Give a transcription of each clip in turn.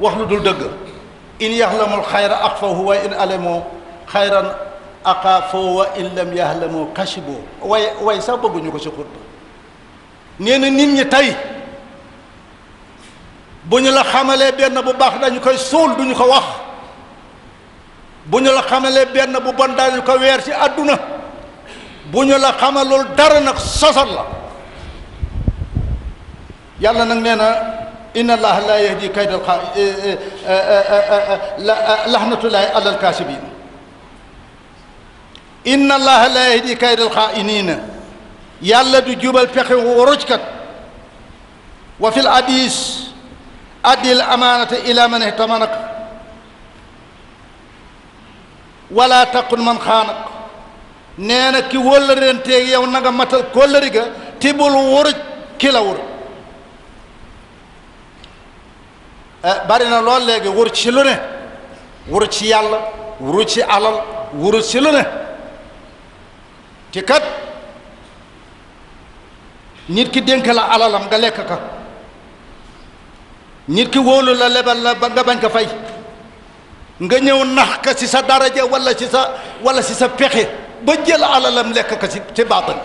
wax lu dul dëgg in yaxlamul xayra axfahu wa in alamoo xayran aqaafoo wa in lam yaxlamoo xasiboo way way sax bëgguñu ko ci xutba nee na nit ñi tey bu ñu la xamalee benn bu baax dañu koy suul duñu ko wax bu ñu la benn bu bon ko weer ci àdduna bu ñu la xamalul dara nag sosal la yàlla nag nee na inna allaha laa yahdi kayda eh, eh, eh, laxnatullaahi alal kaasibiin inna allaha laa yahdi kayda alxaa'iniina yàlla du jubal pexe warujkat wa fil hadiis addil amaanata ilaa man ihtamanaka wala taqun man xaanak nee na ki wóllërenteeg yow na nga matal kóllëri ga tibul wuruj ki la wuruj Eh, bari na lool léegi wër ci lu ne wër ci yàlla wër ci alal wër ci lu ne ti kat nit ki dénk la alalam nga lekk ka nit ki wóolu la lebal la ba nga bañ ko fay nga ñëw nax ka ci sa daraja walla ci sa walla si sa pexe ba jël alalam lekk ka ci ci baatal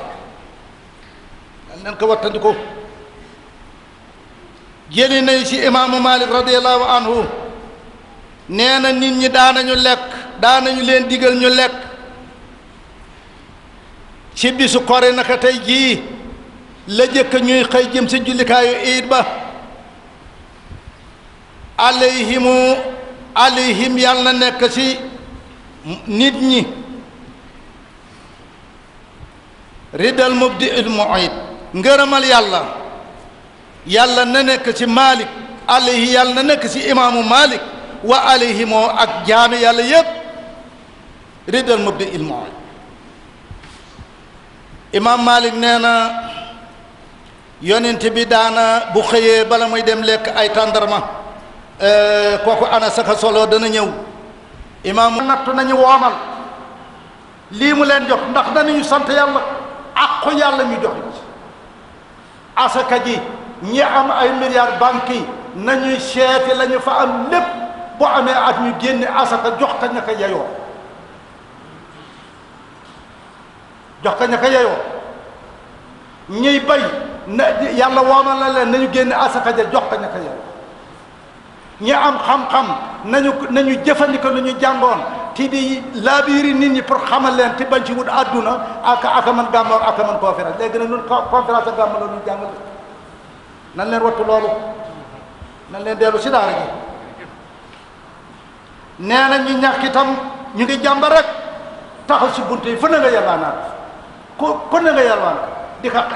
nan ko wattandikoo jëli nañ ci imaamu malik radiallahu anhu nee na nit ñi daanañu lekk daanañu leen digal ñu lekk ci bisu kore naka tey jii la jëkk ñuy xëy jëm ci jullikaayu iid ba alayhimu alayhim yàlla na nekk ci nit ñi ridal mubdi il muid ngërëmal yàlla yàlla na nekk ci Malik alayhi yàlla na nekk ci imaamu Malik wa alayhi moo ak jaami yàlla yëpp ridal mubdi il mooy imaam Malik nee na yonent bi daana bu xëyee bala muy dem lekk ay tàndarma eh, kooku ana saka solo dana ñëw imaam nattu nañu woomal lii mu leen jox ndax danañu sant yàlla àqu yàlla ñu jox asaka ji ñi am ay milliards banques yi nañuy seeti la fa am lépp boo amee at ñu génne asaka jox ka ña ko yeyoo jox ka ña ko yeyoo ñiy bay na yàlla woomal na leen nañu génne asaka ja jox ka ña ko yeyoo ñi am xam-xam nañu nañu jëfandikoo nañu ñu jàngoon ti di laabiiri nit ñi pour xamal leen ti bañ ci wut àdduna ak ak man gàmmoor ak man conférence léegi nag ñun conférence ak gàmmoor la ñu jàngale nan leen wattu nan leen dellu si daara ji nee na ñu ñàkk itam ñu ngi jàmba rek taxaw si bunte yi fa na nga yalwaanaat ku ku na nga yalwaan di ka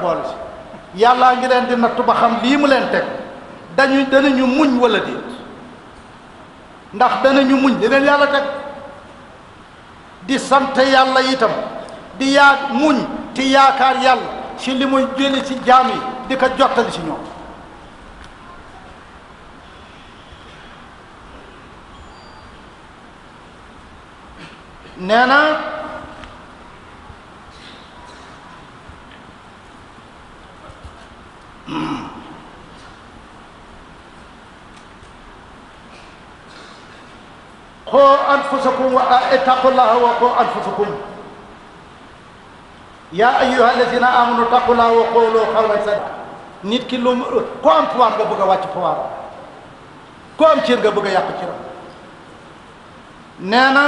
boole si ngi leen di nattu ba xam lii mu leen teg dañu danañu muñ wala déet ndax danañu muñ di leen yàlla teg di sante yàlla itam di yaa muñ ti yaakaar yàlla si li muy jëli si jaam di ko jottali ci ñoom nee na qu anfusakum wa ittaqullaha wa qu anfusakum yaa ayyuha alladina amanu taqulaa wa qawloo qawlan sadida nit ki lu ku nga bëgg a wàcc pouvoir ku am cër nga bëgg a yàq cëram nee na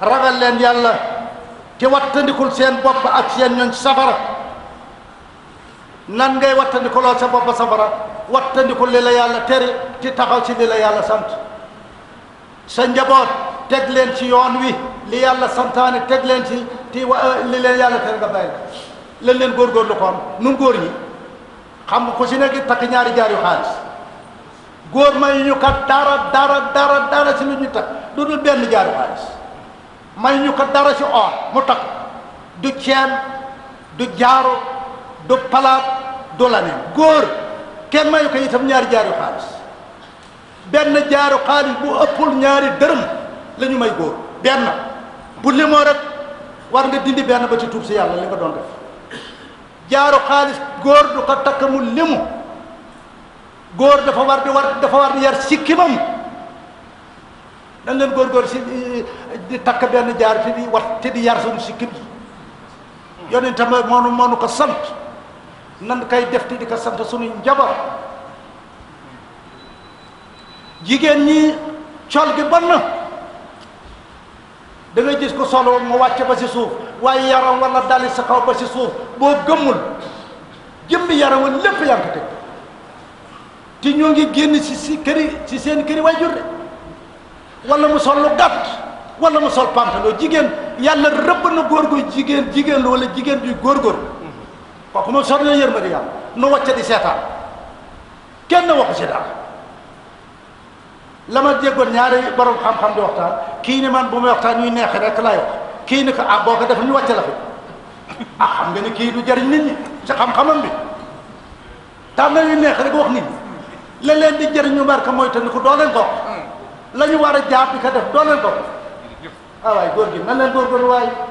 ragal leen yàlla te wattandikul seen bopp ak seen ñooñ safara nan ngay wattandikuloo sa bopp safara wattandikul li la yàlla tere ci taxaw ci li la yàlla sant sa njaboot teg leen ci yoon wi li yàlla santaane teg leen ci ti wa eh, li leen yàlla tere nga bàyyi leen leen góorgóorlu ko am nun góor ñi xam nga ku si nekk takk ñaari jaar yu xaalis góor may ñu kat dara dara dara dara si lu ñu takk du dul benn jaaru xaalis may ñu kat dara si or mu takk du ceen du jaaro du palaat du laneen góor kenn mayu ko itam ñaari jaaru xaalis benn jaaru xaalis bu ëppul ñaari dërëm lañu may góor benn bu limoo rek war nga dindi benn ba ci tuub si yàlla li nga doon def jaaru xaalis góor du ko takk mu limu góor dafa war di war dafa war di yar sikkimam dañ leen góor-góor si eh, di takk benn jaar te di te di yar suñu sikkim yi yonente ma moonu moonu ko sant nan kay def te di ko sant suñuy njabar jigéen ñi col gi bon da ngay gis ko solo mu wàcc ba si suuf waaye yaram wala dali sa kaw ba si suuf boo gëmmul jëmmi yaram wala lépp yaa ngi ko te ñoo ngi génn si si këri si seen këri waajur de wala mu sol lu gàtt walla mu sol pantalon jigéen yàlla rëbb na góor gu jigéen jigéen lu wala jigéen du góor-góor kooku moom sor na di yàlla nu wàcce di seetaan kenn waxu si daal la ma déggoon ñaari borom xam-xam di waxtaan kii ne man bu may waxtaan ñuy neexee rek laay wax kii ne ko ah boo ko def ñu wàcce la fi ah xam nga ni kii du jariñ nit ñi ci xam-xamam bi taam na ñuy neex rek wax nit ñi la leen di jariñ ñu barka mooy te ko doo leen ko hmm. la ñu war a jaar di ko def doole leen ko ah waay góor gi nan leen góor góor waay